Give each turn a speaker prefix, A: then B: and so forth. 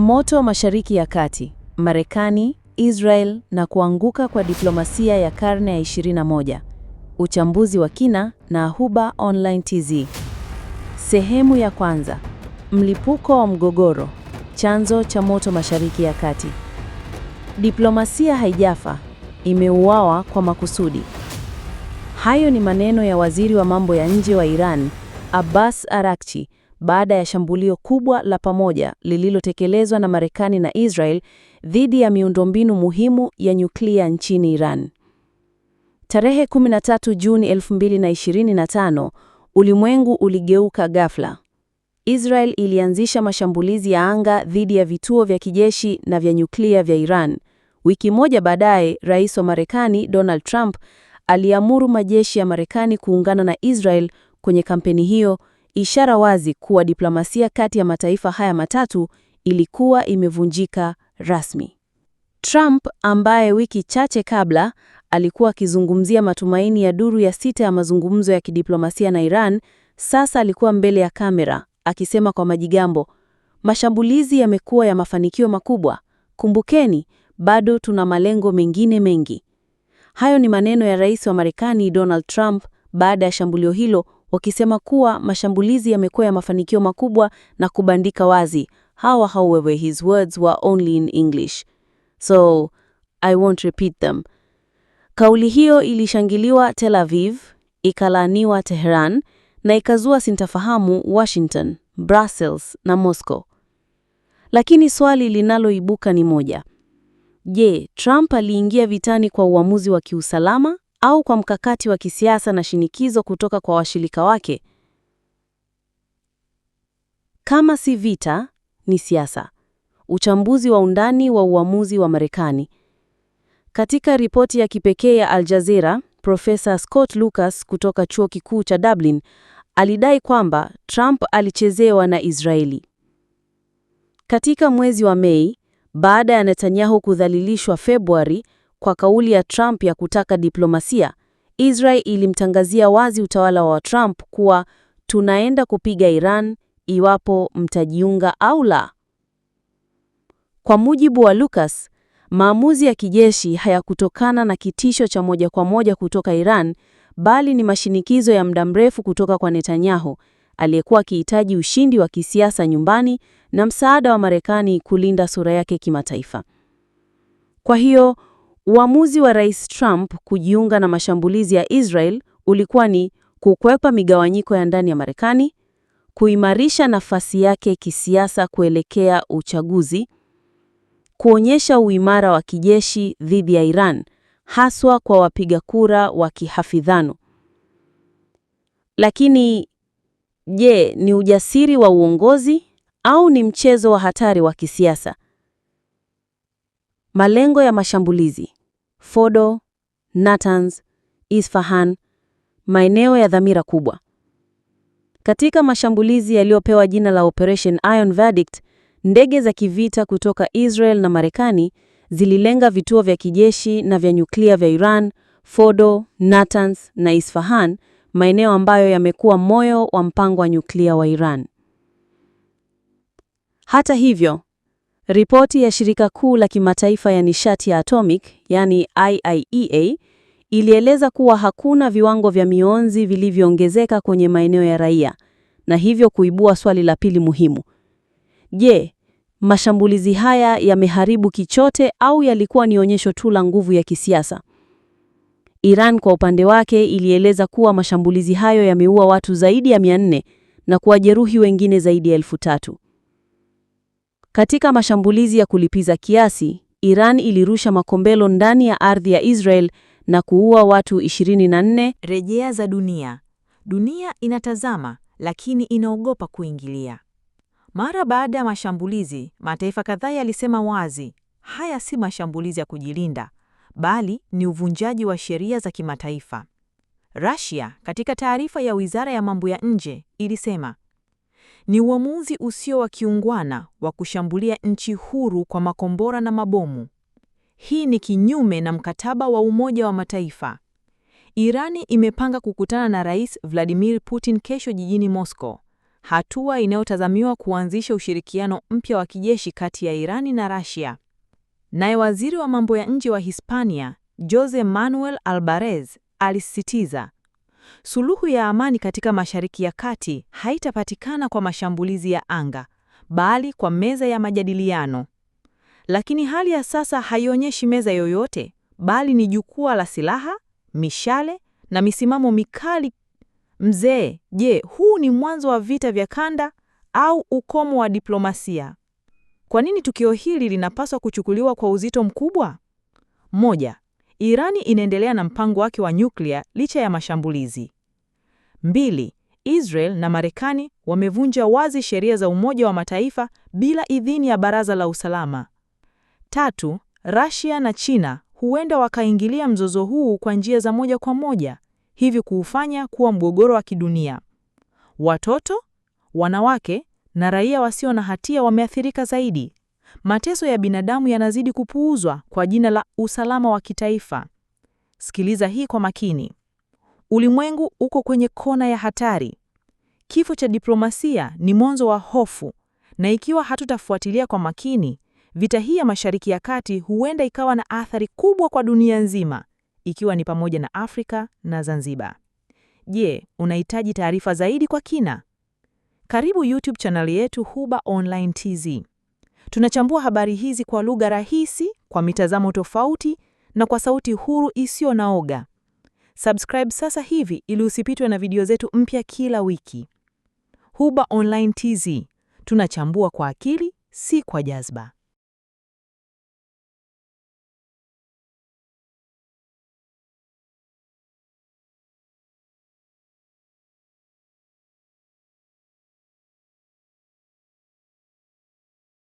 A: Moto Mashariki ya Kati, Marekani, Israel na kuanguka kwa diplomasia ya karne ya 21. Uchambuzi wa kina na huba Online TZ. Sehemu ya kwanza. Mlipuko wa mgogoro, chanzo cha moto Mashariki ya Kati. Diplomasia haijafa, imeuawa kwa makusudi. Hayo ni maneno ya waziri wa mambo ya nje wa Iran, Abbas Araghchi baada ya shambulio kubwa la pamoja lililotekelezwa na Marekani na Israel dhidi ya miundombinu muhimu ya nyuklia nchini Iran. Tarehe 13 Juni 2025, ulimwengu uligeuka ghafla. Israel ilianzisha mashambulizi ya anga dhidi ya vituo vya kijeshi na vya nyuklia vya Iran. Wiki moja baadaye, Rais wa Marekani Donald Trump aliamuru majeshi ya Marekani kuungana na Israel kwenye kampeni hiyo ishara wazi kuwa diplomasia kati ya mataifa haya matatu ilikuwa imevunjika rasmi. Trump ambaye wiki chache kabla alikuwa akizungumzia matumaini ya duru ya sita ya mazungumzo ya kidiplomasia na Iran, sasa alikuwa mbele ya kamera akisema kwa majigambo, mashambulizi yamekuwa ya mafanikio makubwa, kumbukeni bado tuna malengo mengine mengi. Hayo ni maneno ya rais wa Marekani Donald Trump baada ya shambulio hilo wakisema kuwa mashambulizi yamekuwa ya mafanikio makubwa na kubandika wazi. Hawa however his words were only in English so I won't repeat them. Kauli hiyo ilishangiliwa Tel Aviv, ikalaaniwa Tehran na ikazua sintafahamu Washington, Brussels na Moscow. Lakini swali linaloibuka ni moja. Je, Trump aliingia vitani kwa uamuzi wa kiusalama au kwa mkakati wa kisiasa na shinikizo kutoka kwa washirika wake? Kama si vita, ni siasa. Uchambuzi wa undani wa uamuzi wa Marekani. Katika ripoti ya kipekee ya Al Jazeera, Profesa Scott Lucas kutoka Chuo Kikuu cha Dublin alidai kwamba Trump alichezewa na Israeli. Katika mwezi wa Mei, baada ya Netanyahu kudhalilishwa Februari, kwa kauli ya Trump ya kutaka diplomasia, Israel ilimtangazia wazi utawala wa Trump kuwa tunaenda kupiga Iran iwapo mtajiunga au la. Kwa mujibu wa Lucas, maamuzi ya kijeshi hayakutokana na kitisho cha moja kwa moja kutoka Iran, bali ni mashinikizo ya muda mrefu kutoka kwa Netanyahu, aliyekuwa akihitaji ushindi wa kisiasa nyumbani na msaada wa Marekani kulinda sura yake kimataifa. Kwa hiyo Uamuzi wa Rais Trump kujiunga na mashambulizi ya Israel ulikuwa ni kukwepa migawanyiko ya ndani ya Marekani, kuimarisha nafasi yake kisiasa kuelekea uchaguzi, kuonyesha uimara wa kijeshi dhidi ya Iran, haswa kwa wapiga kura wa kihafidhano. Lakini je, ni ujasiri wa uongozi au ni mchezo wa hatari wa kisiasa? Malengo ya mashambulizi: fodo Natanz, Isfahan, maeneo ya dhamira kubwa. Katika mashambulizi yaliyopewa jina la Operation Iron Verdict, ndege za kivita kutoka Israel na Marekani zililenga vituo vya kijeshi na vya nyuklia vya Iran, fodo Natanz na Isfahan, maeneo ambayo yamekuwa moyo wa mpango wa nyuklia wa Iran. Hata hivyo, Ripoti ya Shirika Kuu la Kimataifa ya Nishati ya Atomic, yani IAEA, ilieleza kuwa hakuna viwango vya mionzi vilivyoongezeka kwenye maeneo ya raia na hivyo kuibua swali la pili muhimu. Je, mashambulizi haya yameharibu kichote au yalikuwa ni onyesho tu la nguvu ya kisiasa? Iran kwa upande wake ilieleza kuwa mashambulizi hayo yameua watu zaidi ya 400 na kuwajeruhi wengine zaidi ya elfu tatu. Katika mashambulizi ya kulipiza kiasi, Iran ilirusha makombelo ndani ya ardhi ya Israel na kuua watu 24. Rejea za dunia. Dunia inatazama lakini inaogopa kuingilia. Mara baada ya mashambulizi, mataifa kadhaa yalisema wazi, haya si mashambulizi ya kujilinda, bali ni uvunjaji wa sheria za kimataifa. Russia, katika taarifa ya Wizara ya Mambo ya Nje, ilisema ni uamuzi usio wa kiungwana wa kushambulia nchi huru kwa makombora na mabomu. Hii ni kinyume na mkataba wa Umoja wa Mataifa. Irani imepanga kukutana na Rais Vladimir Putin kesho jijini Moscow, hatua inayotazamiwa kuanzisha ushirikiano mpya wa kijeshi kati ya Irani na Russia. Naye waziri wa mambo ya nje wa Hispania, Jose Manuel albarez alisisitiza suluhu ya amani katika Mashariki ya Kati haitapatikana kwa mashambulizi ya anga, bali kwa meza ya majadiliano. Lakini hali ya sasa haionyeshi meza yoyote, bali ni jukwaa la silaha, mishale na misimamo mikali. Mzee, je, huu ni mwanzo wa vita vya kanda au ukomo wa diplomasia? Kwa nini tukio hili linapaswa kuchukuliwa kwa uzito mkubwa? Moja, Irani inaendelea na mpango wake wa nyuklia licha ya mashambulizi. Mbili, Israel na Marekani wamevunja wazi sheria za Umoja wa Mataifa bila idhini ya Baraza la Usalama. Tatu, Russia na China huenda wakaingilia mzozo huu kwa njia za moja kwa moja, hivi kuufanya kuwa mgogoro wa kidunia. Watoto, wanawake na raia wasio na hatia wameathirika zaidi mateso ya binadamu yanazidi kupuuzwa kwa jina la usalama wa kitaifa. Sikiliza hii kwa makini. Ulimwengu uko kwenye kona ya hatari. Kifo cha diplomasia ni mwanzo wa hofu, na ikiwa hatutafuatilia kwa makini, vita hii ya Mashariki ya Kati huenda ikawa na athari kubwa kwa dunia nzima, ikiwa ni pamoja na Afrika na Zanzibar. Je, unahitaji taarifa zaidi kwa kina? Karibu YouTube channel yetu Hubah Online TZ. Tunachambua habari hizi kwa lugha rahisi, kwa mitazamo tofauti na kwa sauti huru isiyo naoga. Subscribe sasa hivi ili usipitwe na video zetu mpya kila wiki. Hubah Online TZ. Tunachambua kwa akili, si kwa jazba.